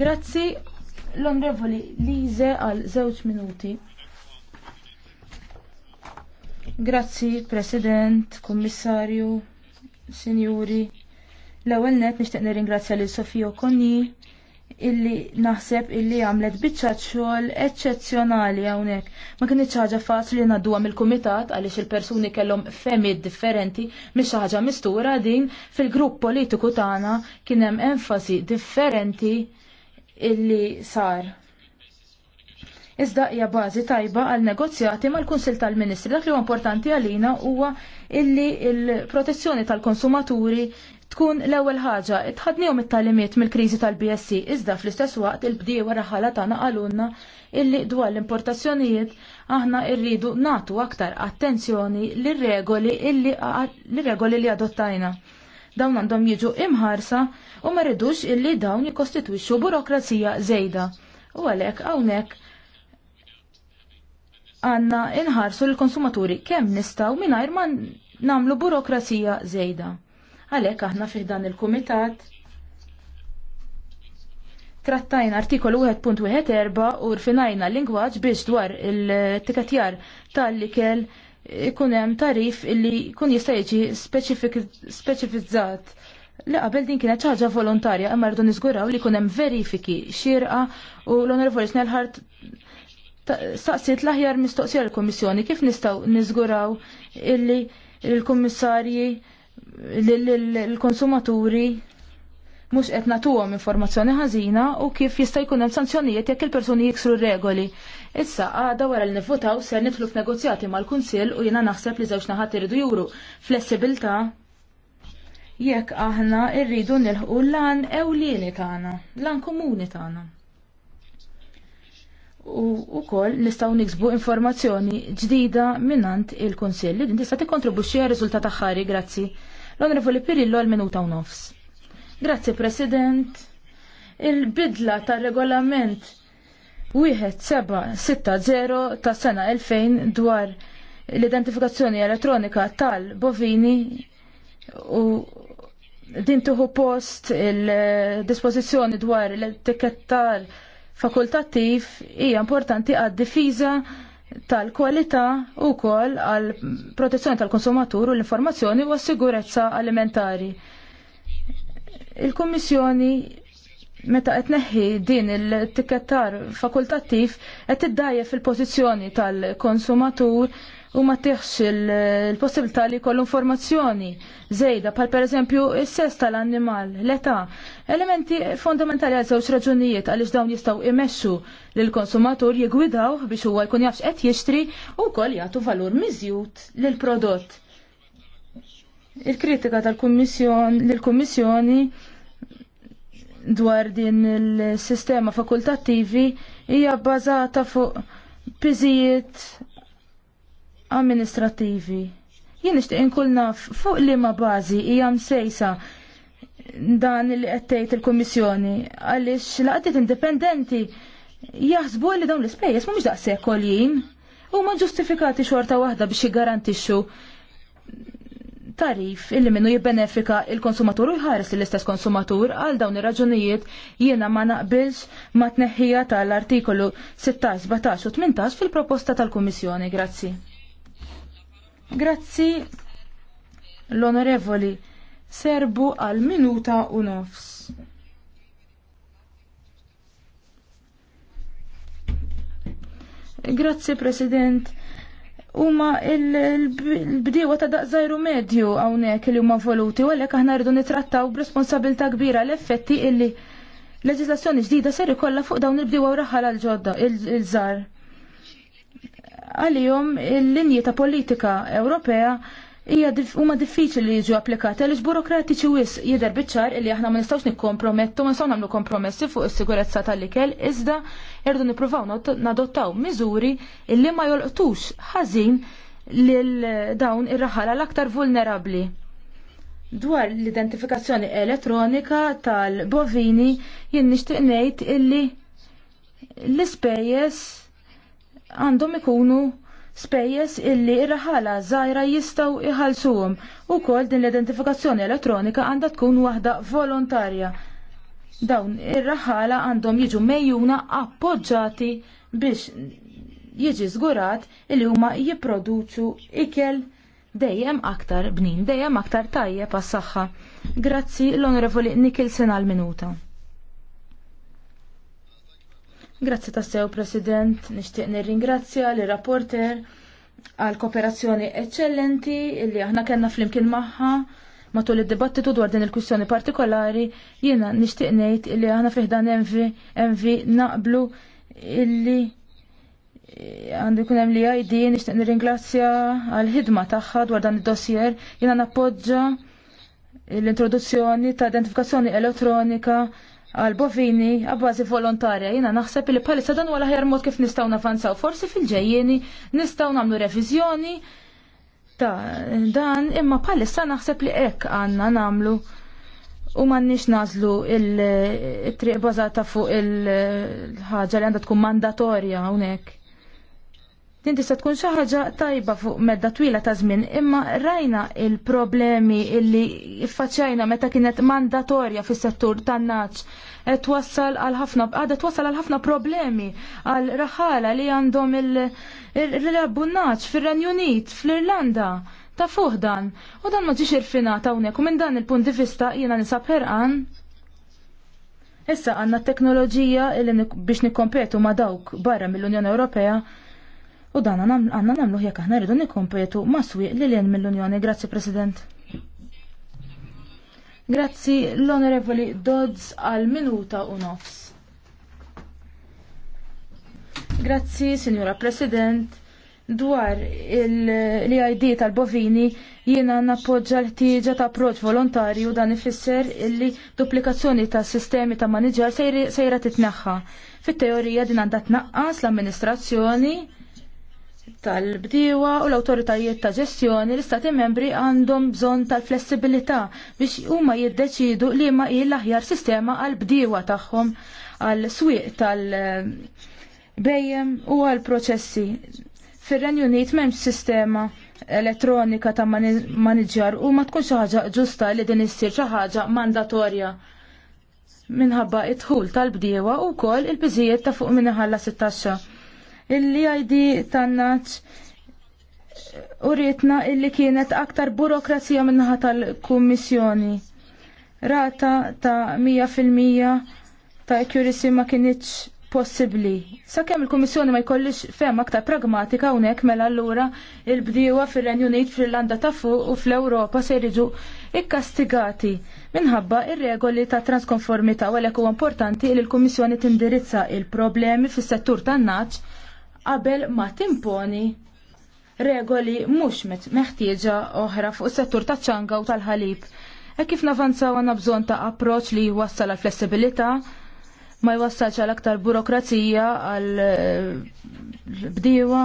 Grazzi l-onrevoli Lize għal żewġ minuti. Grazzi, President, Kommissarju, Sinjuri. L-ewwel net nixtieq nirringrazzja lil sofio Konni illi naħseb illi għamlet biċċa xogħol eċċezzjonali hawnhekk. Ma kienx ħaġa faċli ngħadduha mill-kumitat għaliex il-persuni kellhom femid differenti mhix ħaġa mistura din fil-grupp politiku tagħna kien hemm enfasi differenti illi sar iżda hija bażi tajba għal negozjati mal-Kunsil tal-Ministri. Dak li huwa importanti għalina huwa illi l-protezzjoni tal-konsumaturi tkun l-ewwel ħaġa tħadniehom it-talimiet mill-kriżi tal-BSC iżda fl-istess waqt il wara ħala tagħna għalunna illi dwar l-importazzjonijiet aħna rridu natu aktar attenzjoni lir-regoli illi lir-regoli li adottajna. Dawn għandhom jiġu imħarsa u ma rridux illi dawn jikkostitwixxu burokrazija żejda. U għalhekk hawnhekk għanna inħarsu l-konsumaturi kemm nistaw mingħajr ma namlu burokrazija żejda. Għalhekk aħna fih dan il-kumitat trattajna artikolu 1.14 u rfinajna l-lingwaġġ biex dwar il-tikatjar tal-likel ikun hemm tarif illi jkun jista' jiġi speċifizzat li qabel din kienet ħaġa volontarja imma rridu niżguraw li jkun hemm verifiki xirqa u l-Onorevoli Snellhart Saqsiet l-aħjar mistoqsija l-Komissjoni kif nistaw niżguraw illi l-Kummissarji l-konsumaturi mhux qed nagħtuhom informazzjoni ħażina u kif jista' jkun hemm sanzjonijiet jekk il-persuni jiksru r-regoli. Issa għada wara li nivvotaw ser nidħlu f'negozjati mal-Kunsill u jiena naħseb li żewġ naħat iridu juru flessibilità jekk aħna rridu nilħqu l-lan ewlieni tagħna, lan komuni tagħna u wkoll nistgħu niksbu informazzjoni ġdida minnant il-Kunsill li din tista' tikkontribwixxi għar-riżultat aħħari, grazzi. L-Onorevoli Pirillo għal minuta u nofs. Grazzi President. Il-bidla tar-regolament 1760 ta' sena 2000 dwar l-identifikazzjoni elettronika tal-bovini u din tuħu post il dispożizzjoni dwar l-etikettar fakultattiv hija importanti għad-difiża tal-kwalità u kol għal protezzjoni tal-konsumatur u l-informazzjoni u s-sigurezza alimentari. Il-Kommissjoni meta qed neħħi din il-tikettar fakultattiv qed iddajja fil-pożizzjoni tal-konsumatur u ma tiħx il-possibilità li kollu informazzjoni zejda, pal per eżempju il-sess tal-annimal, l-età, elementi fondamentali għal żewġ raġunijiet għaliex dawn jistaw imessu l konsumatur jigwidaw biex huwa jkun jafx qed jixtri u wkoll jagħtu valur miżjud l prodott. Il-kritika tal-kummissjon lill-kummissjoni dwar din il-sistema fakultattivi hija bbażata fuq piżijiet amministrativi. Jien nixtieq inkun naf fuq liema bażi hija msejsa dan li qed tgħid il-Kummissjoni għaliex laqdiet indipendenti jaħsbu li dawn l-ispejjeż mhumiex daqshekk għoljin huma ġustifikati xorta waħda biex jiggarantixxu tarif illi minnu jibbenefika il-konsumatur u jħares l-istess konsumatur għal dawn ir-raġunijiet jiena ma naqbilx ma tneħħija tal-artikolu 16, 17 u 18 fil-proposta tal-Kummissjoni. Grazzi. Grazzi l-onorevoli serbu għal minuta u nofs. Grazzi President. Huma l-bdiewa ta' daqżajru medju hawnhekk li huma voluti u għalhekk aħna rridu nitrattaw b'responsabilità kbira l-effetti illi l leġislazzjoni ġdida ser ikollha fuq dawn il-bdiewa raħal għal ġodda il-żar. il żar għalihom il-linji ta' politika Ewropea hija huma diffiċli jiġu applikati għaliex burokratiċi wis jidher biċ-ċar li aħna ma nistgħux nikkompromettu, ma nistgħu nagħmlu kompromessi fuq is-sigurezza tal-ikel, iżda irdu nippruvaw nadottaw miżuri li ma jolqtux ħażin lil dawn ir-raħala l-aktar vulnerabbli. Dwar l-identifikazzjoni elettronika tal-bovini jien nixtieq ngħid illi l-ispejjeż għandhom ikunu spejjes illi r raħala żgħira jistgħu jħallsuhom Ukoll din l-identifikazzjoni elettronika għandha tkun waħda volontarja. Dawn ir-raħala għandhom jiġu mejjuna appoġġati biex jiġi żgurat illi huma jipproduċu ikel dejjem aktar bnin, dejjem aktar tajjeb għas-saħħa. Grazzi l-Onorevoli Nikilsen għal-minuta. Grazzi tassew, President. Nixtieq nirringrazzja li rapporter għal kooperazzjoni eccellenti li aħna kellna flimkien magħha matul id-dibattitu dwar din il-kwistjoni partikolari jiena nixtieq ngħid li aħna fiħdan envi envi naqblu illi għandu jkun hemm li ID nixtieq nirringrazzja għal ħidma tagħha dwar dan id-dossier jiena nappoġġa l-introduzzjoni ta' identifikazzjoni elettronika għal-bovini għabbażi volontarja. Jina naħseb li palissa dan għala ħjar mod kif nistaw nafanzaw. Forsi fil-ġejjeni nistaw namlu revizjoni ta' dan imma palissa naħseb li ek għanna namlu u mannix nazlu il-triq bazata fuq il-ħagġa li għanda tkun mandatorja unek. Din tista' tkun xi ħaġa tajba fuq medda twila ta' żmien, imma rajna il-problemi illi faċċajna meta kienet mandatorja fis-settur tan-naċ qed wassal għal ħafna għadha twassal għal ħafna problemi għal raħala li għandhom il-rabbunaċ fir-Renju Unit, fl-Irlanda ta' fuq dan. U dan ma ġiex irfinat hawnhekk u minn dan il-punt di vista jiena nisab herqan. Issa għanna teknoloġija biex nikompetu ma dawk barra mill-Unjoni Ewropea u dan għanna namluħ jekk aħna rridu nikompetu ma' swieq li l jen mill-Unjoni. Grazzi, President. Grazzi l-Onorevoli Dodds għal minuta u nofs. Grazzi, Signora President dwar l-ID tal-bovini jiena nappoġġa l-ħtieġa ta' approċ volontarju dan ifisser illi duplikazzjoni ta' sistemi ta' manager sejra titneħħa. Fit-teorija din għandha tnaqqas l-amministrazzjoni tal-bdiewa u l awtoritajiet ta' ġestjoni l-istati membri għandhom bżonn tal-flessibilità biex huma jiddeċidu li ma hi l-aħjar sistema għal bdiewa tagħhom għal swieq tal-bejjem u għal proċessi. Fir-Renju Unit m'hemmx sistema elettronika ta' maniġjar u ma tkun xi ħaġa ġusta li din issir xi ħaġa mandatorja minħabba it-tħul tal-bdiewa u kol il-biżijiet ta' fuq minħalla 16. Il-LID tannaċ uritna illi kienet aktar burokrazija minnaħa tal-Kummissjoni. Rata ta' 100% ta' accuracy ma kienieċ possibbli. Sakemm il-Kummissjoni ma jkollix fem aktar pragmatika hawnhekk mela allura il-bdiewa fir-Renju Unit fil irlanda ta' fuq u fl-Ewropa se jridu ikkastigati minħabba ir-regoli ta' transkonformità u għalek huwa importanti li l-Kummissjoni tindirizza il-problemi fis-settur tan-naċ qabel ma timponi regoli mhux meħtieġa oħra fuq is-settur taċ-ċanga u tal-ħalib. E kif navanzaw għanna bżonn ta' approċċ li jwassal għal flessibilità, ma jwassalx għal aktar burokrazija għal eh, bdiewa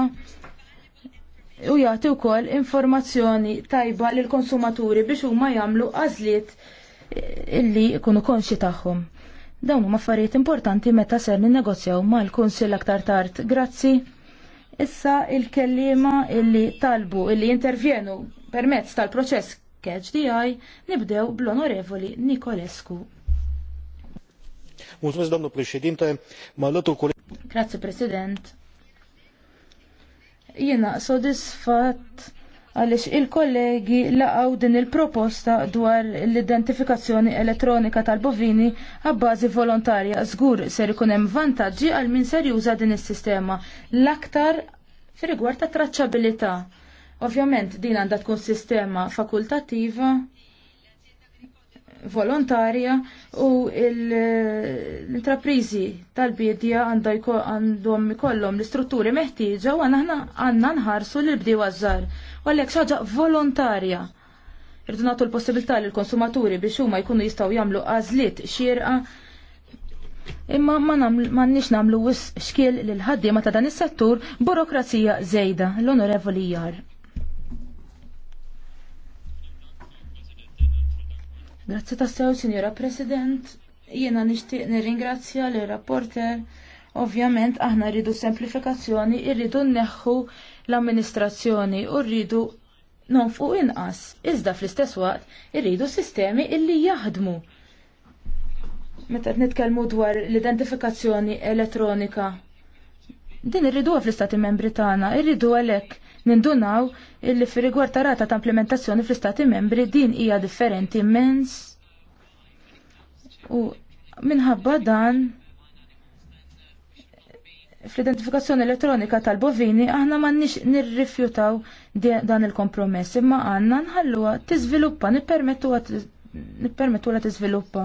u jagħti wkoll informazzjoni tajba lil konsumaturi biex huma jagħmlu għażliet eh, illi jkunu konxi tagħhom. Dawn huma affarijiet importanti meta ser ninnegozjaw mal-Kunsill aktar tard. Grazzi. Issa il-kellima illi talbu illi intervjenu permezz tal-proċess catch DI nibdew bl-onorevoli Nikolescu. Mulțumesc, domnul președinte. Mă alătur Grazie, president. Jena sodisfat għaliex il-kollegi laqgħu din il-proposta dwar l-identifikazzjoni elettronika tal-bovini għabbażi volontarja. Żgur ser ikun hemm vantaġġi għal min ser juża din is-sistema l-aktar fir-rigward ta' traċċabilità. Ovvjament din għandha tkun sistema fakultattiva volontarja u l-intraprizi tal-bidja għandhom ikollhom l-istrutturi meħtieġa u għanna għanna nħarsu l-bdiewa għazzar. u għalhekk xaġa volontarja. Irdu nagħtu l-possibilità lill konsumaturi biex huma jkunu jistgħu jagħmlu għażliet xierqa Imma ma nix namlu wis xkiel lil ħaddiema ta' dan is-settur burokrazija żejda l-onorevoli jar. Grazzi tassew, signora President. Jiena nixtieq nirringrazzja l rapporter Ovvjament aħna rridu semplifikazzjoni, rridu nneħħu l-amministrazzjoni u rridu fuq inqas. Iżda fl-istess waqt rridu sistemi illi jaħdmu. Meta nitkellmu dwar l-identifikazzjoni elettronika. Din irridu fl-istati membri tagħna, irridu għalhekk nindunaw illi fi rigward ta' rata ta' implementazzjoni fl-Istati membri din hija differenti immens u minħabba dan fl-identifikazzjoni elettronika tal-bovini aħna ma nix nirrifjutaw dan il-kompromess imma għanna nħalluha tiżviluppa nippermettuha tiżviluppa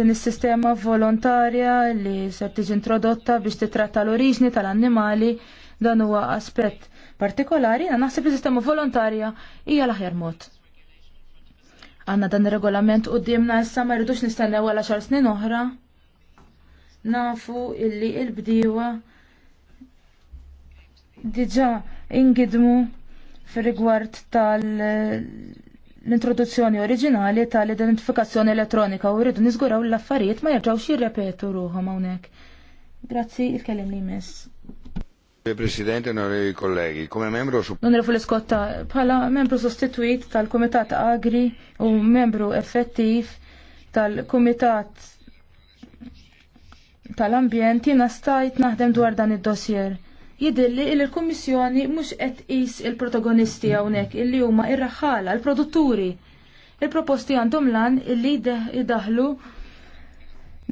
din is-sistema volontarja li ser tiġi introdotta biex titratta l-oriġni tal-annimali Dan huwa aspett partikolari, għanna naħseb li sistema volontarja hija l-aħjar mod. Għanna dan ir-regolament u issa ma rridux nistennew għal xar snin oħra. Nafu illi il bdiwa diġa ingidmu fir-rigward tal l-introduzzjoni oriġinali tal-identifikazzjoni elettronika u rridu niżguraw l-affarijiet ma jerġgħux jirrepetu ruħom hawnhekk. Grazzi, il-kellim li miss. Presidente, onorevoli kollegi, come membro... Onorevole Scotta, bħala membru sostituit tal-Komitat Agri u membru effettiv tal-Komitat tal-Ambjent jina stajt naħdem dwar dan id-dossier. Jidilli il kommissjoni mhux qed is il-protagonisti hawnhekk illi huma ir-raħala, l-produtturi. Il-proposti għandhom lan illi jidaħlu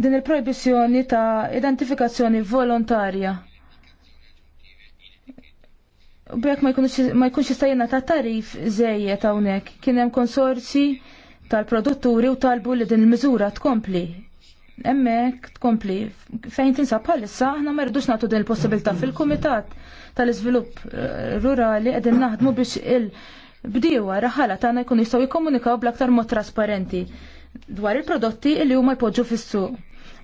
din il-proibizjoni ta' identifikazzjoni volontarja Bek ma jkunx jistajna ta' tarif zejjed hawnhekk. Kien hemm konsorzi tal-produtturi u talbu li din il-miżura tkompli. Hemmhekk tkompli fejn tinsab bħalissa aħna ma rridux nagħtu din il-possibilità fil-Kumitat tal-Iżvilupp eh, Rurali qegħdin naħdmu biex il-bdiewa raħala tagħna jkunu jistgħu jikkomunikaw bl-aktar mod trasparenti dwar il-prodotti li huma jpoġġu fis-suq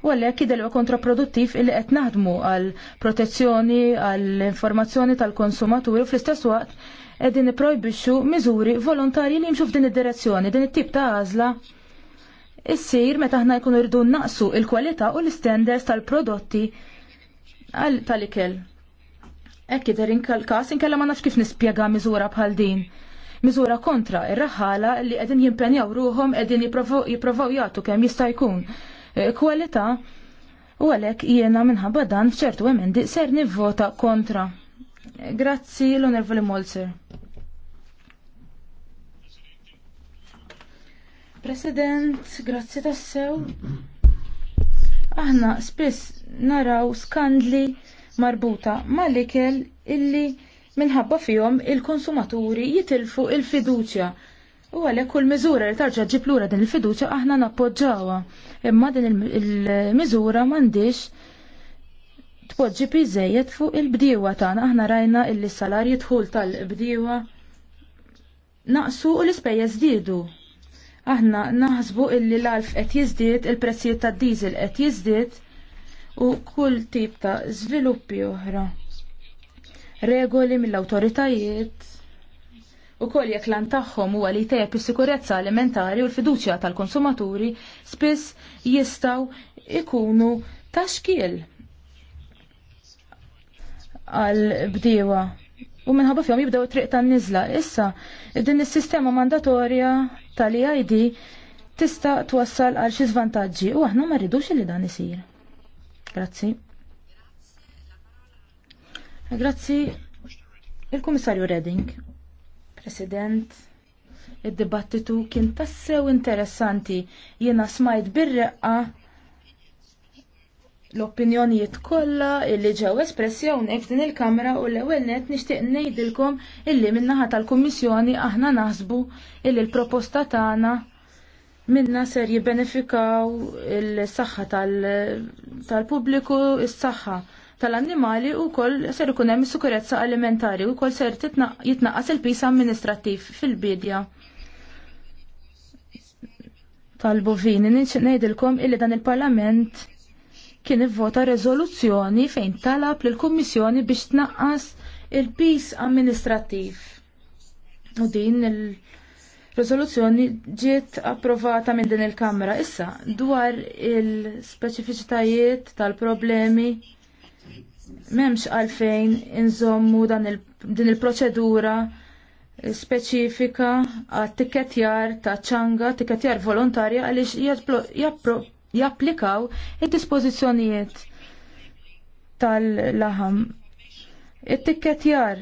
u għalhekk jidher kontraproduttiv illi qed naħdmu għal protezzjoni għall informazzjoni tal-konsumaturi u fl-istess waqt qegħdin nipprojbixxu miżuri volontarji li jimxuf f'din id-direzzjoni, din it-tip ta' għażla issir meta aħna jkun rridu naqsu il-kwalità u l standards tal-prodotti tal-ikel. Ekk jidher kas inkella ma nafx kif nispjega miżura bħal din miżura kontra ir-raħala li qegħdin jimpenjaw ruhom qegħdin jipprovaw jagħtu kemm jista' jkun kwalità u għalhekk jiena minħabba dan f'ċertu emendi ser nivvota kontra. Grazzi l onervoli Molzer. President, grazzi tassew. Aħna spiss naraw skandli marbuta mal-ikel illi minħabba fihom il-konsumaturi jitilfu il-fiduċja U għalhekk kull miżura li tarġa' ġib lura din il-fiduċja aħna nappoġġawha. Imma din il mizura m'għandix tpoġġi biżejjed fuq il-bdiewa tagħna aħna rajna illi s-salarji tal-bdiewa naqsu u l-ispejjeż żdiedu. Aħna naħsbu illi l-alf qed jiżdied, il-prezzijiet tad-diesel qed jiżdied u kull tip ta' żviluppi oħra. Regoli mill-awtoritajiet U koll jek lan tagħhom huwa li tejjeb is-sikurezza alimentari u l-fiduċja tal-konsumaturi spiss jistgħu ikunu ta' għal bdiewa. U minħabba fjom jibdew triq tan-niżla. Issa din is-sistema mandatorja tal-EID tista' twassal għal xi żvantaġġi u aħna ma rridux li dan isir. Grazzi. Grazzi il-Kummissarju Reding. President, id-dibattitu kien tassew interessanti. Jiena smajt birreqqa l-opinjonijiet kollha illi ġew espressi hawnhekk f'din il-Kamra u l-ewwel nett nixtieq ngħidilkom illi min-naħa tal-Kummissjoni aħna naħsbu illi l-proposta tagħna minna ser jibbenefikaw il-saxħa tal-pubbliku, tal il-saxħa tal-annimali u kol ser ikunem hemm sikurezza alimentari u kol ser jitnaqqas il-pis amministrattiv fil-bidja tal-bovini. Ngħidilkom illi dan il-Parlament kien ivvota rezoluzzjoni fejn talab l kummissjoni biex tnaqqas il-pis amministrattiv. U din il- Rezoluzzjoni ġiet approvata minn din il-Kamra. Issa, dwar il-speċifiċitajiet tal-problemi memx għalfejn inżommu din il-proċedura speċifika għat tikketjar ta' ċanga, tikketjar volontarja għalix japplikaw id-dispozizjonijiet tal-laħam It-tikketjar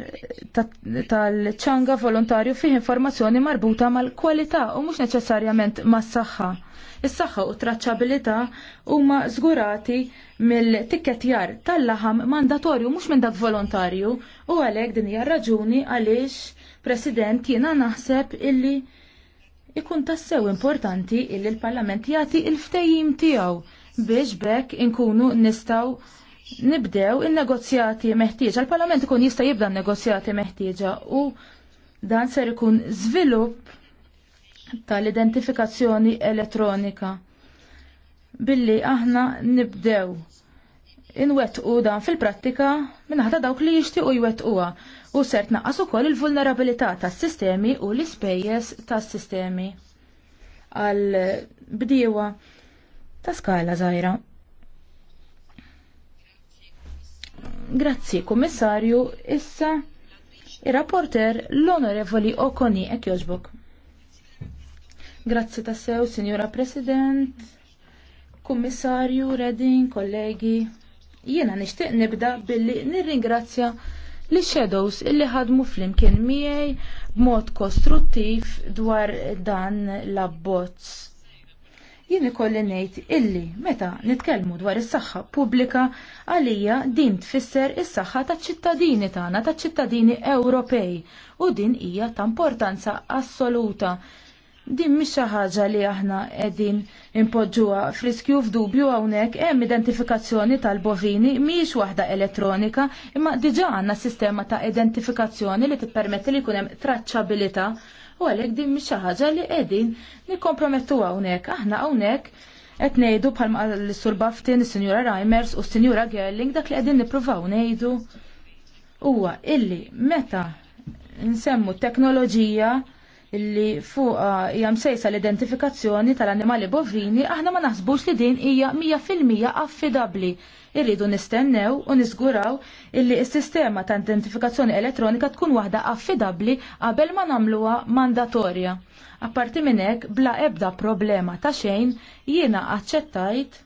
tal-ċanga volontarju fih informazzjoni marbuta mal-kwalità u mhux neċessarjament mas-saħħa. Is-saħħa u traċċabilità huma żgurati mill-tikketjar tal-laħam mandatorju mhux minn dak volontarju u għalhekk din hija raġuni għaliex President jiena naħseb illi ikun tassew importanti illi l-Parlament jagħti il-ftejjim tiegħu biex bekk inkunu nistgħu nibdew in-negozjati meħtieġa. Il-Parlament ikun jista' jibda n-negozjati meħtieġa u dan ser ikun żvilupp tal-identifikazzjoni elettronika. Billi aħna nibdew inwettqu dan fil-prattika minnaħta dawk li jixtiequ jwettquha u ser tnaqqas ukoll il-vulnerabilità tas-sistemi u l-ispejjeż tas-sistemi għal bdiewa ta' skala żgħira. Grazzi, Kummissarju. Issa ir-rapporter l-Onorevoli Okoni ek joġbok. Grazzi tassew, Sinjora President, Kummissarju, Redin, kollegi. Jiena nixtieq nibda billi nirringrazzja li shadows illi ħadmu flimkien miegħi b'mod kostruttiv dwar dan l-abbozz jien ikolli ngħid illi meta nitkellmu dwar is-saħħa pubblika għalija din tfisser is-saħħa taċ-ċittadini tagħna taċ-ċittadini Ewropej u din hija ta' importanza assoluta. Din mhix xi ħaġa li aħna qegħdin impoġġuha friskju f'dubju hawnhekk hemm identifikazzjoni tal-bovini mhijiex waħda elettronika imma diġà għandna sistema ta' identifikazzjoni li tippermetti li jkun hemm traċċabilità u għalek din mhix xi ħaġa li qegħdin nikkompromettu hawnhekk. Aħna hawnhekk qed ngħidu bħalma l-Sur Baftin, is-Sinjura Reimers u s-Sinjura Gerling dak li qegħdin nippruvaw ngħidu huwa illi meta nsemmu teknoloġija li fuqa hija msejsa l-identifikazzjoni tal-annimali bovini, aħna ma naħsbux li din hija 100% affidabbli. Irridu nistennew u niżguraw illi s-sistema ta' identifikazzjoni elettronika tkun waħda affidabbli qabel ma nagħmluha mandatorja. Apparti minn hekk bla ebda problema ta' xejn jiena aċċettajt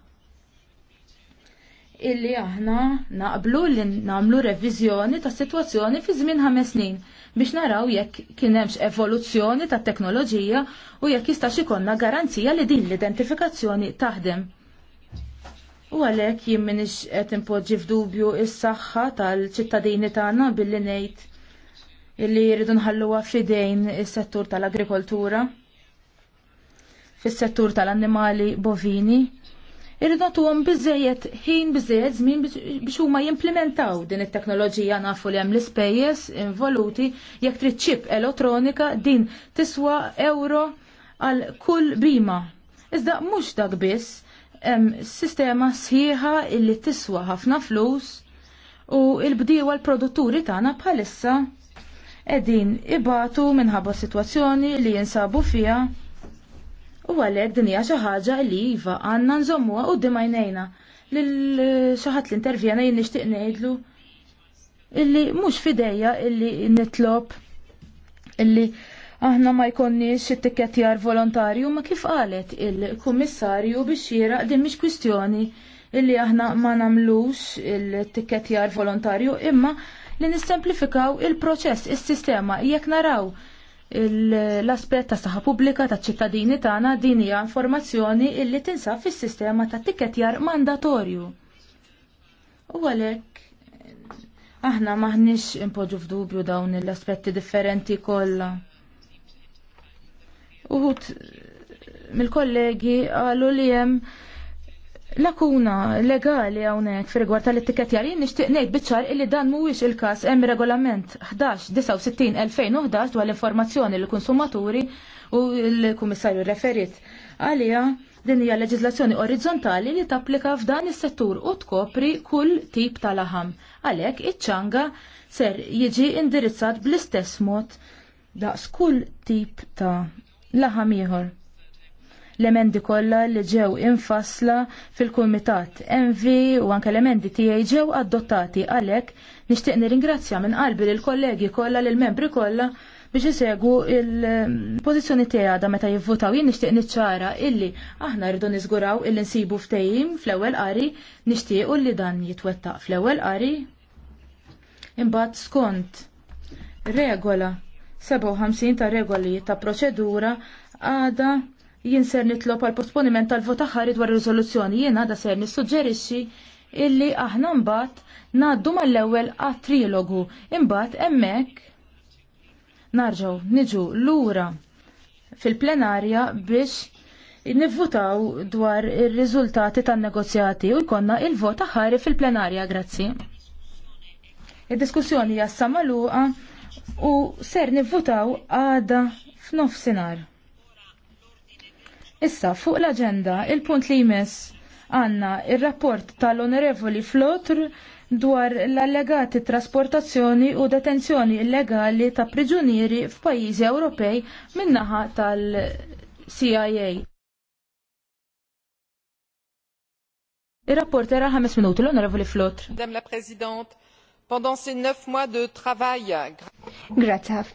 illi aħna naqblu li nagħmlu reviżjoni ta' sitwazzjoni fi żmien ħames snin biex naraw jekk kien hemmx evoluzzjoni ta' teknoloġija u jekk jistax ikonna garanzija li din l-identifikazzjoni taħdem. U għalhekk jien minix qed impoġġi f'dubju s saħħa tal-ċittadini tagħna billi ngħid illi jridu nħalluha f'idejn is-settur tal-agrikoltura fis-settur tal-annimali bovini irridatu għom biżejjed ħin bizzejet, żmien biex huma jimplementaw din it-teknoloġija nafu li hemm l-ispejjeż involuti jekk trid elektronika din tiswa euro għal kull bima. Iżda mhux dak biss hemm sistema sħiħa illi tiswa ħafna flus u l-bdiewa l-produtturi tagħna bħalissa qegħdin ibatu minħabba sitwazzjoni li jinsabu fiha U għalhekk din hija xi ħaġa li iva għandna nżommuha quddiem għajnejna. Lil eh, xi ħadd l-intervjena jien nixtieq ngħidlu illi mhux fidejja illi nitlob illi aħna ma jkonniex it-tikketjar volontarju ma kif qalet il-kummissarju biex jiraq din mhix kwistjoni illi aħna ma namlux il-tikketjar volontarju imma li nissemplifikaw il-proċess, il-sistema, jekk naraw l-aspett ta' saħħa pubblika ta' ċittadini tagħna din hija informazzjoni illi tinsab fis-sistema ta' tikketjar mandatorju. U għalhekk aħna maħniex impoġġu f'dubju dawn l-aspetti differenti kollha. Uħut mill-kollegi qalu li hemm lakuna legali hawnhekk fir-rigward tal-ittikettjar jien nixtieq ngħid bitċar illi dan mhuwiex il-każ hemm regolament 69 2011 dwar l-informazzjoni l konsumaturi u l-Kummissarju referit għalija din hija leġiżlazzjoni orizzontali li tapplika f'dan is-settur u tkopri kull tip ta' laħam. Għalhekk iċ-ċanga ser jiġi indirizzat bl-istess mod daqs kull tip ta' laħam ieħor l-emendi kollha li ġew infassla fil-kumitat MV u anke l-emendi tiegħi ġew adottati għalhekk nixtieq nirringrazzja minn qalbi lil kollegi kollha lil membri kollha biex isegwu il-pozizjoni tiegħi meta jivvutaw jien nixtieq niċċara illi aħna rridu niżguraw illi nsibu ftehim fl-ewwel qari nixtiequ li dan jitwettaq fl-ewwel qari. Imbagħad skont regola 57 ta' regoli ta' proċedura għada jien ser nitlob għal posponiment tal-vot ħari dwar riżoluzzjoni jiena da ser nissuġġerixxi illi aħna mbagħad ngħaddu mal-ewwel għat-trilogu imbagħad hemmhekk narġgħu niġu lura fil-plenarja biex nivvutaw dwar ir-riżultati tan-negozjati u jkollna il-vot ħari fil-plenarja grazzi. Id-diskussjoni hija magħluqa u ser nivvutaw għada f'nofsinhar. Issa, fuq l-agenda, il-punt li jmiss għanna il-rapport tal-Onorevoli Flotr dwar l-allegati trasportazzjoni u detenzjoni illegali ta' priġunieri f'pajjiżi Ewropej minnaħa tal-CIA. Il-rapport era ħames minuti l-Onorevoli Flotr. Madame la Presidente, pendant ces 9 mois de travail. Grazie ħafna.